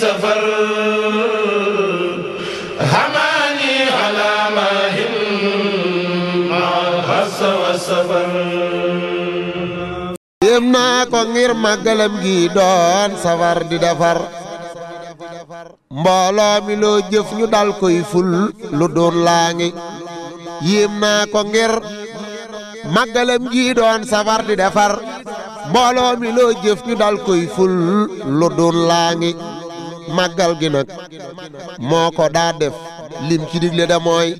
سفر yéem naa ko ngir màggalam gi doon safar di defar mbooloo mi loo jëf ñu dal koy ful lu doon ko ngir màggalam gi doon safar di laa ngi màggal gi nag moo ko daa def lim ci digle da mooy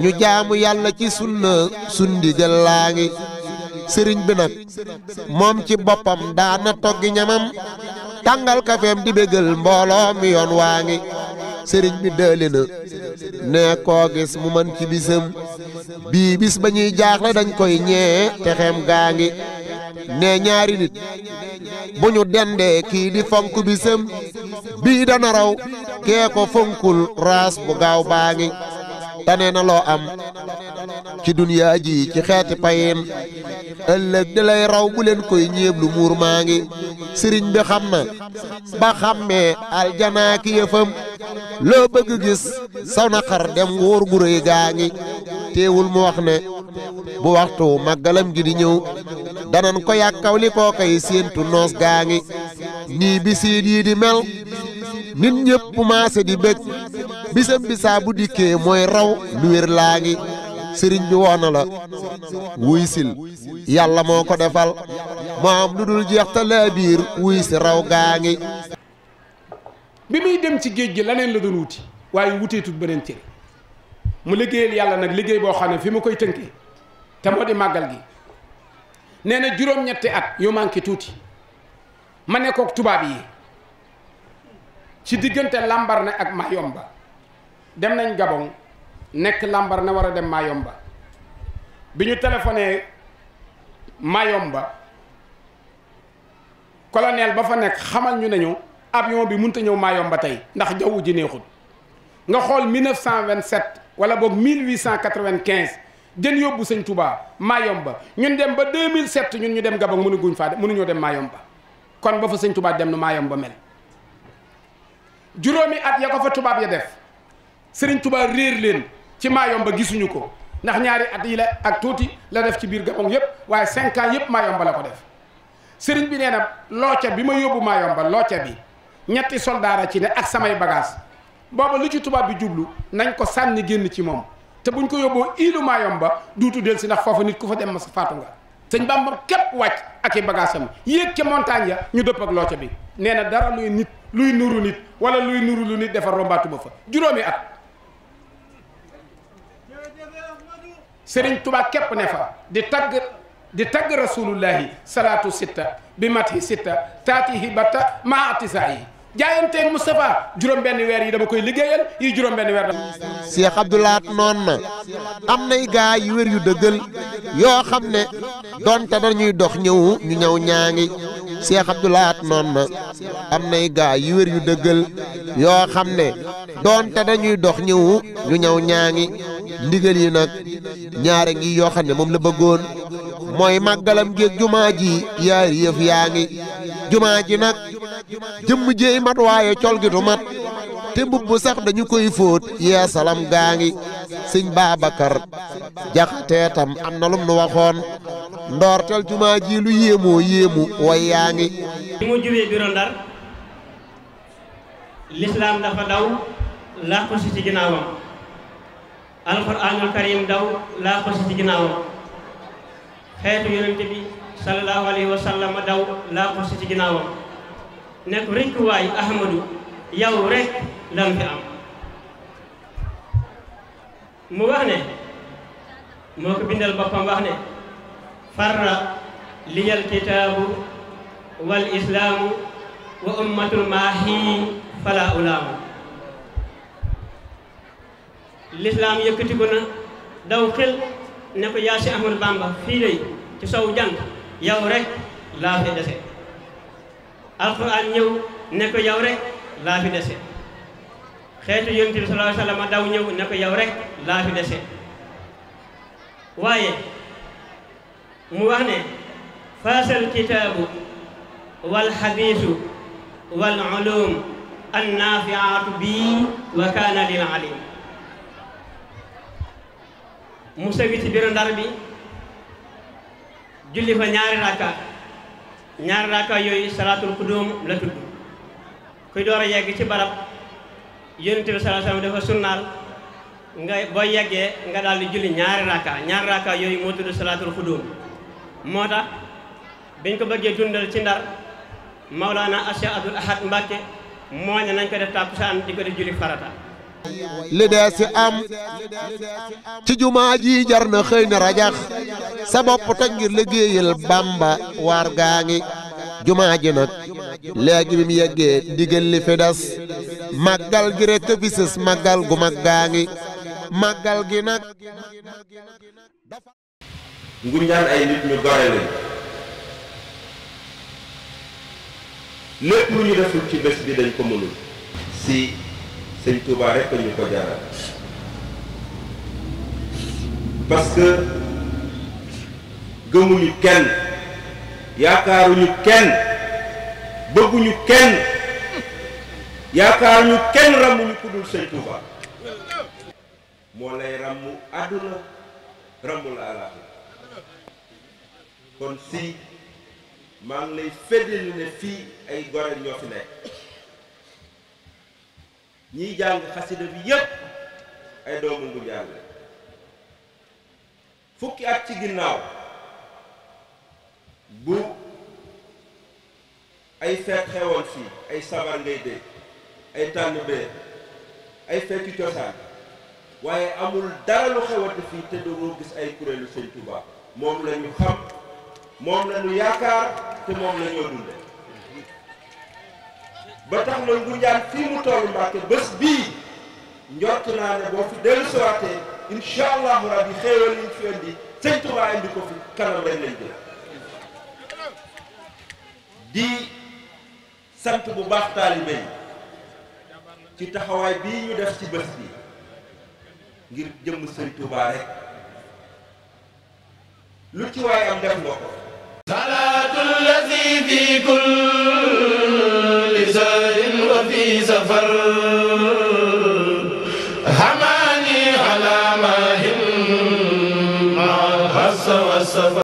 ñu jaamu yàlla ci sunna sundi jël laa ngi sëriñ bi nag moom ci boppam daana toggi ñamam tàngal kafeem di bégal mbooloo mi yoon waa ngi sëriñ bi dëli na nee koo gis mu mën ci bisam bii bis ba ñuy jaaxle dañ koy ñee te gaa ngi nee ñaari nit bu ñu dendee kii di fonk bisam bii dana raw kee ko fonkul raas bu gaaw baa ngi tane loo am ci duniyaa ji ci xeeti payin ëllëg di lay raw bu leen koy ñeeblu muur maa ngi sëriñ bi xam na ba xàmmee aljanaa ki yëfam loo bëgg gis sa naqar dem wóor gu gaa ngi teewul mu wax ne bu waxtu màggalam gi di ñëw danan ko yàkkaw li séentu noos gaa ngi nii bi yii di mel nit ñëpp maase di bëgg bisam bisaa bu dikkee mooy raw lu wér laa ngi sëriñ bi woona la wuy sil yàlla moo ko defal moo am lu dul jeex te wuy si raw gaa ngi bi muy dem ci géej gi leneen la doon wuti waaye wuteetut beneen cër mu liggéeyal yàlla nag liggéey boo xam ne fi mu koy tënkee te moo di màggal gi nee na juróom-ñetti at yu manqué tuuti ma nekkook tubaab yi ci diggante Lambaréné ak Mayomba dem nañ Gabon nekk Lambaréné war a dem mayom ba bi ñu téléphoné Mayomba colonel ba fa nekk xamal ñu nañu avion bi mënut a ñëw ba tey ndax jaww ji neexul nga xool 1927 wala boog 1895 jën yóbbu sëñ Touba Mayomba ñun dem ba 2007 ñun ñu dem Gabon mënu guñ faa mënuñoo dem ba kon ba fa sëñ tubaab dem nu maayam ba mel juróomi at ya ko fa tubaab ya def sëriñ tubaab réer leen ci maayom ba gisuñu ko ndax ñaari at yi la ak tuuti la def ci biir Gabon yépp waaye cinq ans yépp maayom ba la ko def sëriñ bi nee na looca bi ma yóbbu maayom ba looca bi ñetti soldaara ci ne ak samay bagage booba lu ci tubaab bi jublu nañ ko sànni génn ci moom te buñ ko yóbboo iilu maayom ba duutu del si ndax foofa nit ku fa dem ma sa faatu nga sëñ Bamba képp wàcc ak i bagaasam yéeg ca montagne ya ñu dëpp ak looca bi nee na dara luy nit luy nuru nit wala luy nuru lu nit defar rombaatuma fa juróomi at sëriñ tubaat képp ne fa di tagg di tagg rasulullahi salaatu sitta bi mati sitta taatihi batta maa atisaa yi jaayanteeg Moustapha juróom-benn weer yi dama koy liggéeyal yi juróom-benn weer dama. Cheikh Abdoulaat noon am nay gaa yu wér yu dëggal xam ne donte dañuy dox ñëwu ñu ñëw ñaa ngi Cheikh Abdoulaat noon na am nay gaa yu wér yu dëggal yoo xam ne donte dañuy dox ñëwu ñu ñëw ñaa ngi ndigal yi nag ñaare ngi yoo xam ne moom la bëggoon mooy màggalam géeg jumaa ji yaari yëf yaa ngi jumaa ji nag. jëmm jéey mat waaye col gi mat te mbubb sax dañu koy fóot yee salam gaa ngi sëñ Babacar jaxatee tam am na lum nu waxoon ndoortel jumaa ji lu yéemoo yéemu way yaa ngi bi mu jubee biro Ndar lislaam dafa daw làqu ci ginnaawam alxuraanul karim daw làqu ci ginnaawam xeetu yonente bi sallallahu alayhi wa sallam daw làqu ci ginnaawam ne ko rekk waay Ahmadu yow rek lan am mu wax ne moo ko bindal boppam wax ne farra liyal kitaabu wal islaamu wa ummatul maahi fala ulaamu lislaam yëkkati ko daw xel ne ko yaa si Bamba fii lay ci jant yow rek laa fi dese alxuraan ñëw ne ko yow rek laa fi dese xeetu yonent bi sallallahu alayhi wa sallam daw ñëw ne ko yow rek laa fi dese waaye mu wax ne faasal kitaabu wal xadiisu wal ulum annaafiaatu bii wa kaana lil alim mu sëgg ci biir ndar bi julli fa ñaari rakka ñaar raaka yooyu salaatul xudum la tudd kuy door a yegg ci barab yonent bi sallallahu alayhi wasallam dafa boo yeggee nga daal di julli ñaari raaka ñaari raaka yooyu moo tudd salaatul xudum moo tax biñ ko bëggee dundal ci ndar Mawlaana na Abdoul Ahad Mbacke moo ne nañ ko def tàkkusaan di ko def julli farata li dee si am ci jumaa ji jar na rajax sa bop te ngir bamba war gaangi ngi nak, ji nag léegi bi mu yeggee li fi das magal gi rek te bisis gu mag gaangi magal gi nak nguñ ñaan ay nit ñu gore lepp lu ñu deful ci bes bi dañ ko mënul si sëñ Touba rek ñu ko jaaral parce que gëmuñu kenn yaakaaruñu kenn bëgguñu kenn yaakaaruñu kenn ràmmuñu ku dul sëñ Touba moo lay ràmmu àdduna ràmmu la àllaaxira kon si maa ngi lay fedd ne fii ay gore ñoo fi nekk ñiy jàng xasida bi yépp ay doomu ngu jàng fukki at ci ginnaaw bu ay feet xewoon fii ay sabar ngay dégg ay tànn bee ay feeti cosaan waaye amul dara lu xewati fii te doo gis ay kuréelu sëñ Tuubaa moom la ñu xam moom la yaakaar te moom la ñoo ba tax na Ngoundiane fii mu toll Mbàkke bés bii njort naa ne boo fi dellu siwaatee incha allahu rabbi xéewal yi ñu fi indi sëñ Tuubaa indi ko fi kanam rek lay jël di sant bu baax taalibe yi ci taxawaay bii ñu def ci bés bi ngir jëmm sëñ Tuubaa rek lu ci waaye am def nga ko